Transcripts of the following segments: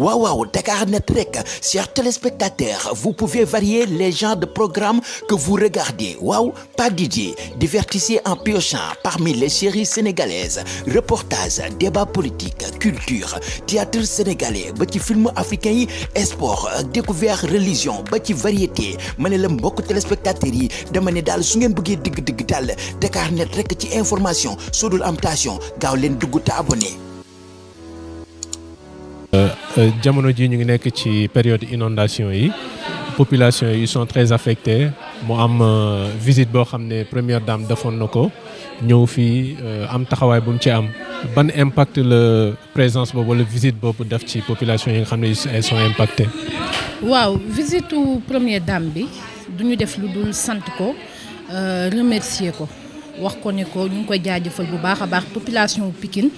waaw waaw Dakarnet rek chers téléspectateurs vous pouvez varier les gens de programme que vous regardez waaw pas Didier divertissez en piochant parmi les séries sénégalaises reportages débats politiques culture théâtre sénégalais ba ci film africain yi sport découverte religion ba ci variété ma ne la mbokk téléspectateurs yi dama ne daal su ngeen bëggee digg digg daal Dakarnet rek ci information sodul amtation gaaw leen dugg te Euh, euh, jamono ji ñu ngi nekk ci période inondation yi population yi sont très affectés mu am euh, visite boo xam ne première dame defoon na ko ñëw fii am taxawaay bu mu ci am ban impact la présence boobu la visite boobu def ci population yi nga xam ne ils sont impactés waaw visite première dame bi duñu def lu dul sant ko remercier ko wax ko ne ko ñu ngi koy jaajëfal bu baax a baax population Pikine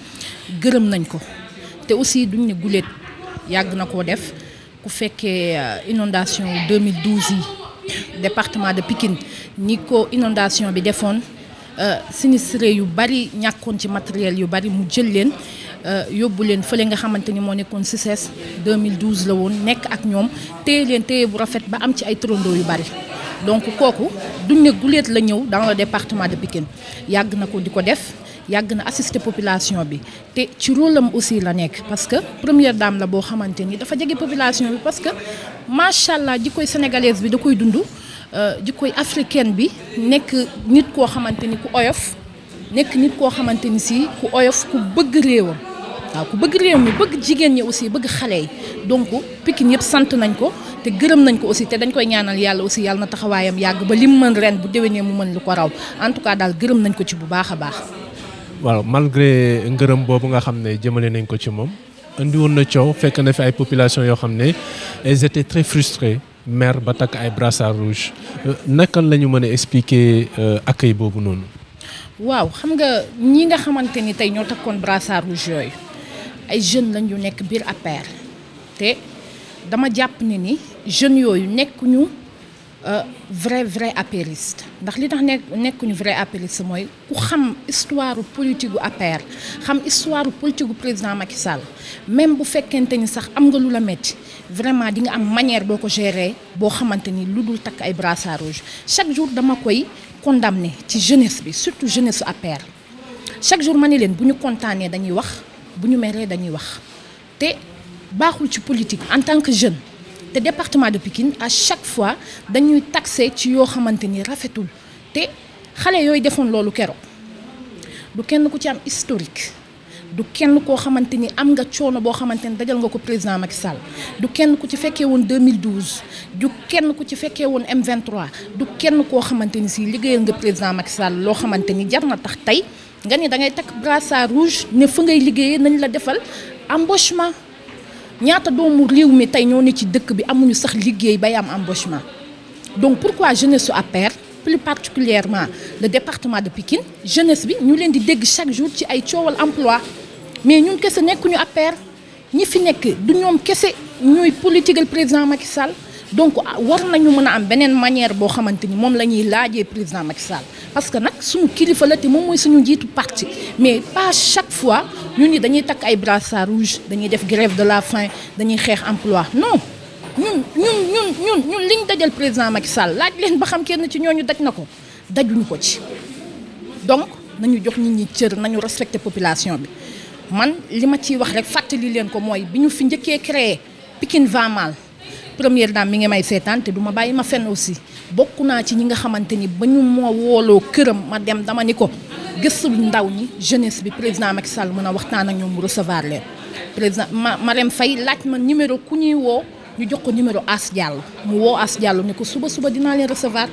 gërëm nañ ko te aussi duñ ne guléet yàgg na koo def ku fekkee euh, inondation 2012 yi département de Pikine ni ko inondation bi defoon euh, sinistré yu bari ñàkkoon ci matériel yu bari mu jël leen euh, yóbbu leen fële nga xamante ni moo nekkoon CICES 2012 la woon nekk ak ñoom téye leen téye bu rafet ba am ci ay turandoo yu bari donc kooku duñ ne guléet la ñëw dans le département de Pikine yàgg na ko di ko def yàgg na assister population bi te ci rôle am aussi la nekk parce que première dame la boo xamante nii dafa jege population bi parce que macha ji koy sénégalaise bi da koy dund euh, jikkoy africaine bi nekk nit koo xamante ni ku oyof nekk nit koo xamante ni si ku oyof ku bëgg réewam waaw ku bëgg réew bëgg jigéen ñi aussi bëgg xale yi donc Pikine yëpp sant nañ ko te gërëm nañ ko aussi te dañ koy ñaanal yàlla aussi yàlla na taxawaayam yàgg ba lim mën ren bu déwénee mu mën lu ko raw en tout cas daal gërëm nañ ko ci bu baax a baax waaw malgré ngërëm boobu nga xam ne jëmale nañ ko ci moom indi woon na coow fekk na fi ay population yoo xam ne ils étaient très frustrés maire ba takk ay brassard rouge euh, naka la mën a expliquer euh, accueil boobu noonu. waaw xam nga ñi nga xamante ni tey ñoo takkoon brassard rouge yooyu ay jeunes lañ yu nekk biir APR te dama jàpp ni ni jeunes yooyu nekkuñu. Euh, vrai vrai apériste ndax li tax ne nekkuñu vrai apériste mooy ku xam histoire politique gu xam histoire politique gu président Macky Sall même bu fekkente ni sax am nga lu la métti vraiment di nga am manière boo ko gérer boo xamante ni lu dul takk ay brassard rouge chaque jour dama koy condamné ci jeunesse bi surtout jeunesse su APR chaque jour ma ni leen bu ñu kontaanee dañuy wax bu ñu meree dañuy wax te baaxul ci politique en tant que jeune. te département de Pikine à chaque fois dañuy taxé ci yoo xamante ni rafetul te xale yooyu defoon loolu keroog du kenn ku ci am historique du kenn koo xamante ni am nga coono boo xamante ni dajal nga ko président Macky Sall du kenn ku ci fekkee woon 2012 du kenn ku ci fekkee woon M23 du kenn koo xamante ni si liggéeyal nga président Macky Sall loo xamante ni jar na tax tey nga ni da ngay takk brassard rouge ne fu ngay liggéeyee nañ la defal embauchement. ñaata doomu réew mi tey ñoo ne ci dëkk bi amuñu sax liggéey bay am embauchement donc pourquoi jeunesse su APR plus particulièrement le département de Pikine jeunesse bi ñu leen di dégg chaque jour ci ay coowal emploi mais ñun kese nekkuñu APR ñi fi nekk du ñoom kese ñuy politigal président Macky Sall donc war nañu mën a am beneen manière boo xamante ni moom la ñuy laajee président Macky Sall parce que nag suñu kilifa la te moom mooy suñu njiitu parti mais pas chaque fois ñu ni dañuy takk ay brassard rouge dañuy def grève de la faim dañuy xeex emploi non ñun ñun ñun ñun liñ dajal président Macky Sall laaj leen ba xam kenn ci ñooñu daj na ko dajuñu ko ci donc nañu jox nit ñi cër nañu respecter population bi man li ma ciy wax rek fàttali leen ko mooy bi ñu fi njëkkee créé Pikine va première dame mi nga may seetaan te du ma bàyyi ma fenn aussi bokk naa ci ñi nga xamante ni ba ñu moo wooloo këram ma dem dama ni ko gëstul ndaw ñi jeunesse bi président Macky Sall mën a waxtaan ak ñoom mu recevoir leen ma Marème Faye laaj ma numéro ku ñuy woo ñu jox ko numéro As Diallo mu woo As Diallo ni ko suba suba dinaa leen recevoir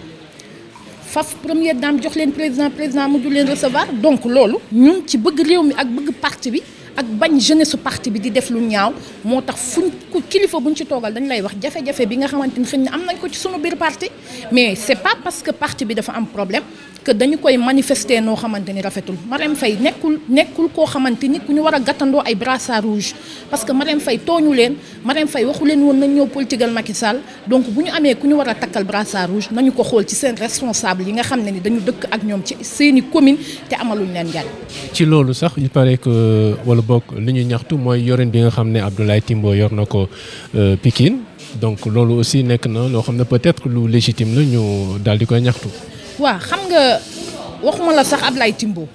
faf première dame jox leen président président mujj leen recevoir donc loolu ñun ci bëgg réew mi ak bëgg parti bi. ak bañ jeunesse su parti bi di def lu ñaaw moo tax fuñ kilifa buñ ci toogal dañ lay wax jafe-jafe bi nga xamante ni xëy am nañ ko ci sunu biir parti mais c'est pas parce que parti bi dafa am problème ko dañu koy manifester noo xamante ni rafetul Marème fay nekkul nekkul koo xamante ni ku ñu war a gàttandoo ay brassard rouge parce que Marème fay tooñu leen Marème fay waxu leen woon nañ ñëw politigal Macky Sall donc bu ñu amee ku ñu war a takkal brassard rouge nañu ko xool ci seen responsable yi nga xam ne ni dañu dëkk ak ñoom ci seeni commune te amaluñ leen njariñ ci loolu sax il paraît que wala bokk li ñuy ñaxtu mooy yorin bi nga xam ne Abdoulaye timboo yor na ko euh, Pikine donc loolu aussi nekk na loo xam ne peut-être lu légitime la ñu daal di koy ñaxtu waaw xam nga waxuma la sax Ablaye timboo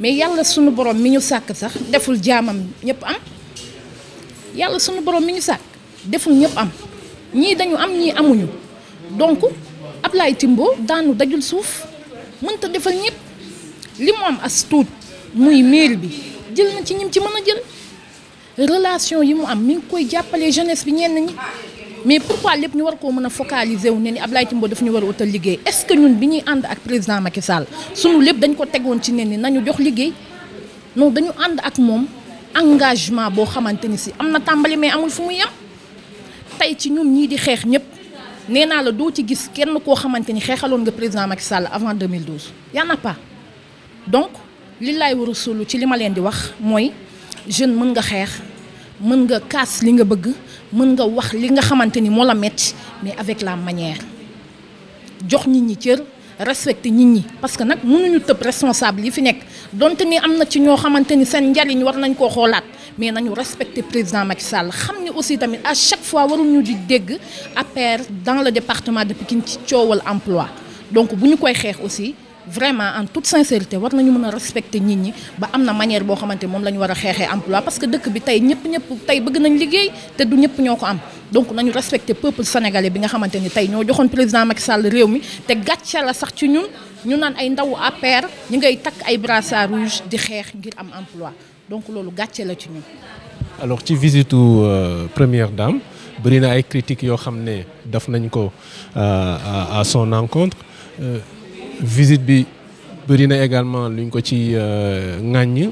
mais yàlla sunu boroom mi ñu sàkk sax deful jaamam ñëpp am yàlla sunu borom mi ñu sàkk deful ñëpp am ñii dañu am ñii amuñu donc Ablaye Timbo daanu dajul suuf mënta defal ñëpp li mu am as muy mairie bi jël na ci ñim ci mën a jël relation yi mu am mi ngi koy jàppalee jeunesse bi ñenn ñi. mais pourquoi lépp ñu war koo mën a focaliser wu ne ni Ablaye Timbo daf ñu war a utal liggéey est que ñun bi ñuy ànd ak président Macky Sall sunu lépp dañ ko tegoon ci ne nañu jox liggéey non dañu ànd ak moom engagement boo xamante ni si am na tàmbali mais amul fu muy yem tey ci ñun ñii di xeex ñëpp nee naa la doo ci gis kenn koo xamante ni xeexaloon nga président Macky Sall avant 2012 y en a pas donc li laay war a solu ci li ma leen di wax mooy jeune mën nga xeex. mën nga kaas li nga bëgg mën nga wax li nga xamante ni moo la metti mais avec la manière jox nit ñi cër respecté nit ñi parce que nag mënuñu tëb responsable yi fi nekk donte ni am na ci ñoo xamante ni seen njariñ war nañ koo xoolaat mais nañu respecté président Macky Sall xam ni aussi tamit à chaque fois waruñu di dégg APR dans le département de Pikine ci coowal emploi donc bu ñu koy xeex aussi. vraiment en toute sincérité war nañu mën a respecter nit ñi ba am na manière boo xamante moom la ñu war a xeexee emploi parce que dëkk bi tey ñëpp ñëpp tey bëgg nañ liggéey te du ñëpp ñoo ko am donc nañu respecter peuple sénégalais bi nga xamante ni tey ñoo joxoon président Macky Sall réew mi te gàcce la sax ci ñun ñu naan ay ndawu APR ñu ngay takk ay brassard rouge di xeex ngir am emploi donc loolu gàcce la ci ñun. alors ci visitu euh, première dame bëri na ay critiques yoo xam ne daf nañ ko euh, à son encontre. Euh, visite bi bëri na également luñ ko ci euh, ŋàññ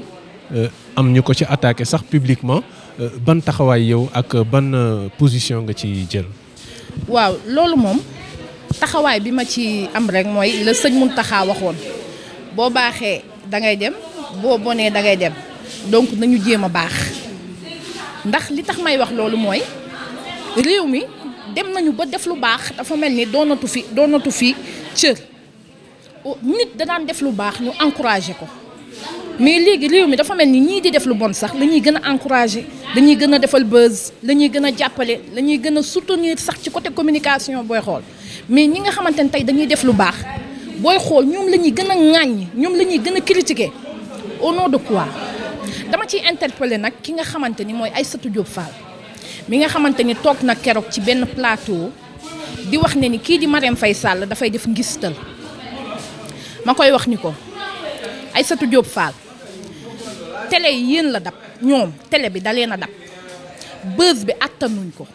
euh, am ñu ko ci attaqué sax publiquement euh, ban taxawaay yow ak ban position nga ci jël. waaw loolu moom taxawaay bi ma ci am rek mooy la sëñ Mountakha waxoon boo baaxee dangay ngay dem boo bonee da ngay dem donc nañu jéem a baax ndax li tax may wax loolu mooy réew mi dem nañu ba def lu baax dafa mel ni doonatu fi doonatu fi cër. nit da daan def lu baax ñu encouragé ko mais léegi réew mi dafa mel ni ñii di def lu bon sax la ñuy gën a encouragé dañuy gën a defal buzz la ñuy gën a jàppale la ñuy gën a soutenir sax ci côté communication booy xool mais ñi nga xamante ne tey dañuy def lu baax booy xool ñoom la ñuy gën a ŋàññ ñoom la ñuy gën a critiqué au nom de quoi dama ciy interpellé nag ki nga xamante ni mooy Aïssatou Diop Fall mi nga xamante ni toog na keroog ci benn plateau di wax ne ni kii di Marème Faye Sall dafay def ngistal ma koy wax ni ko Aïssatou Diop Fall télé yi yéen la dab ñoom télé bi da leen a dab bës bi attanuñ ko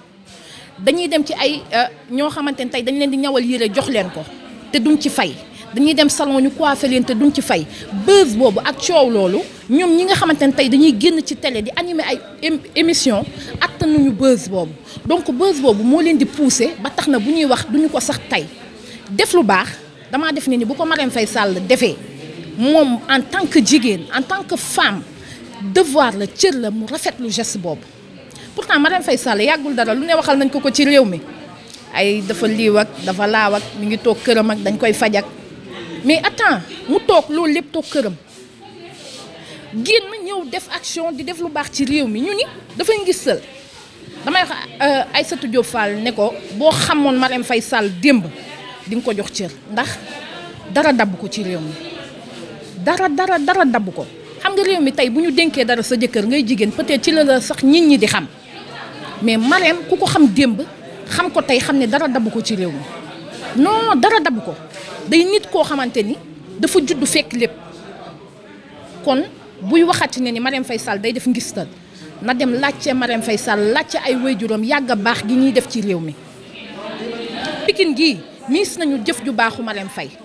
dañuy dem ci ay euh, ñoo xamante ne tey dañ leen di ñawal yére jox leen ko te duñ ci fay dañuy dem salon ñu coiffé duñ ci fay bës boobu ak coow loolu ñoom ñi nga xamante ne tey dañuy génn ci télé di animé ay émission attanuñu bës boobu donc bës boobu moo leen di poussé ba tax na bu ñuy wax duñu ko sax tey def lu baax damaa def ne ni bu ko Marème fay Sall defee moom en tant que jigéen en tant que femme devoir la cër la mu rafetlu geste boobu pour pourtant Marème Faye Sall yàggul dara lu ne waxal nañ ko ko ci réew mi ay dafa liiw ak dafa laaw ak mi ngi toog këram ak dañ koy faj ak mais attends mu toog loolu lépp toog këram génn ñëw def action di def lu baax ci réew mi ñu ni dafay ngisal damay wax euh, Aïssatou Diop Fall ne ko boo xamoon Marème fay Sall démb dinga ko jox cër ndax dara dabb ko ci réew mi dara dara dara dabb ko xam nga réew mi tey bu ñu dénkee dara sa jëkkër ngay jigéen peut-être ci la la sax nit ñi di xam mais mareem ku ko xam démb xam ko tey xam ne dara dabb ko ci réew mi non dara dabb ko day nit koo xamante ni dafa juddu fekk lépp kon buy waxati ne ni Marème fay Sall day def ngistal na dem laajte Marème fay Sall laajte ay waajuram yàgg a baax gi ñuy def ci réew mi Pikine gii miis nañu jëf ju baaxuma leen Marème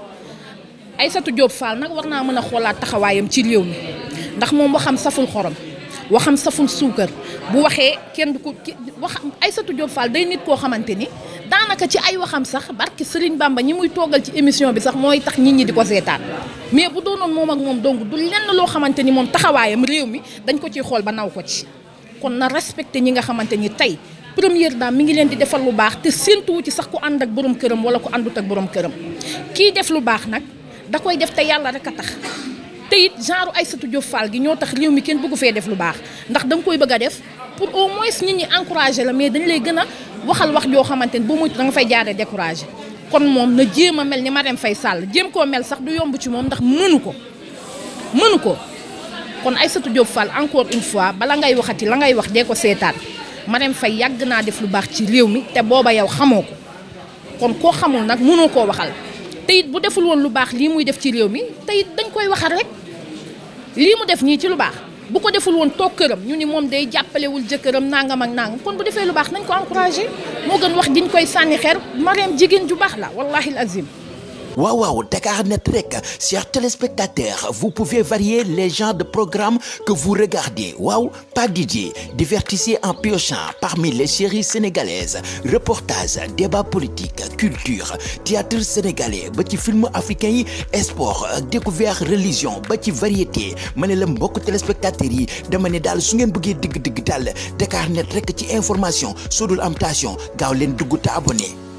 ay satu Diop Fall nag war naa mën a xoolaat taxawaayam ci réew mi ndax moom waxam saful xorom waxam saful suukar bu waxee kenn du ko wax Aïssatou Diop Fall day nit koo xamante ni daanaka ci ay waxam sax barki Serigne Bamba ñi muy toogal ci émission bi sax mooy tax nit ñi di ko seetaan mais bu doonoon moom ak moom dong du lenn loo xamante ni moom taxawaayam réew mi dañ ko ciy xool ba naw ko ci kon na respecté ñi nga xamante ni tey première dame mi ngi leen di defal lu baax te séntuwu ci sax ku ànd ak borom këram wala ku àndut ak borom këram kii def lu baax nag da koy def te yàlla rek a tax te it genre Aïssatou Diop Fall gi ñoo tax réew mi kenn bëggu fee def lu baax ndax da koy bëgg a def pour au moins nit ñi encouragé la mais dañ lay gën a waxal wax joo xamante ne ba muy da nga fay jaaree découragé kon moom na jéem a mel ni Marème fay Sall jéem koo mel sax du yomb ci moom ndax mënu ko mënu ko kon Aïssatou Diop Fall encore une bala ngay waxati la ngay wax dee ko seetaan Marème Faye yàgg naa def lu baax ci réew mi te booba yow xamoo ko kon koo xamul nag mënoo koo waxal te it bu deful woon lu baax lii muy def ci réew mi te it dañ koy waxal rek lii mu def nii ci lu baax bu ko deful woon toog këram ñu ni moom day jàppalewul jëkkëram nangam ak nangam kon bu defee lu baax nañ ko encouragé moo gën wax diñ koy sànni xeer Marème jigéen ju baax la wallahi azim waaw waaw Dakarnet rek chers téléspectateurs vous pouvez varier les genres de programme que vous regardez waaw pas DJ divertissez en piochant parmi les séries sénégalaises reportages débats politiques culture théâtre sénégalais ba ci film africain yi sport découvert religion ba ci variété ma ne la mbokk téléspectateurs yi dama ne daal su ngeen bëggee digg digg daal Dakarnet rek ci information sodul am tation gaaw leen dugg abonné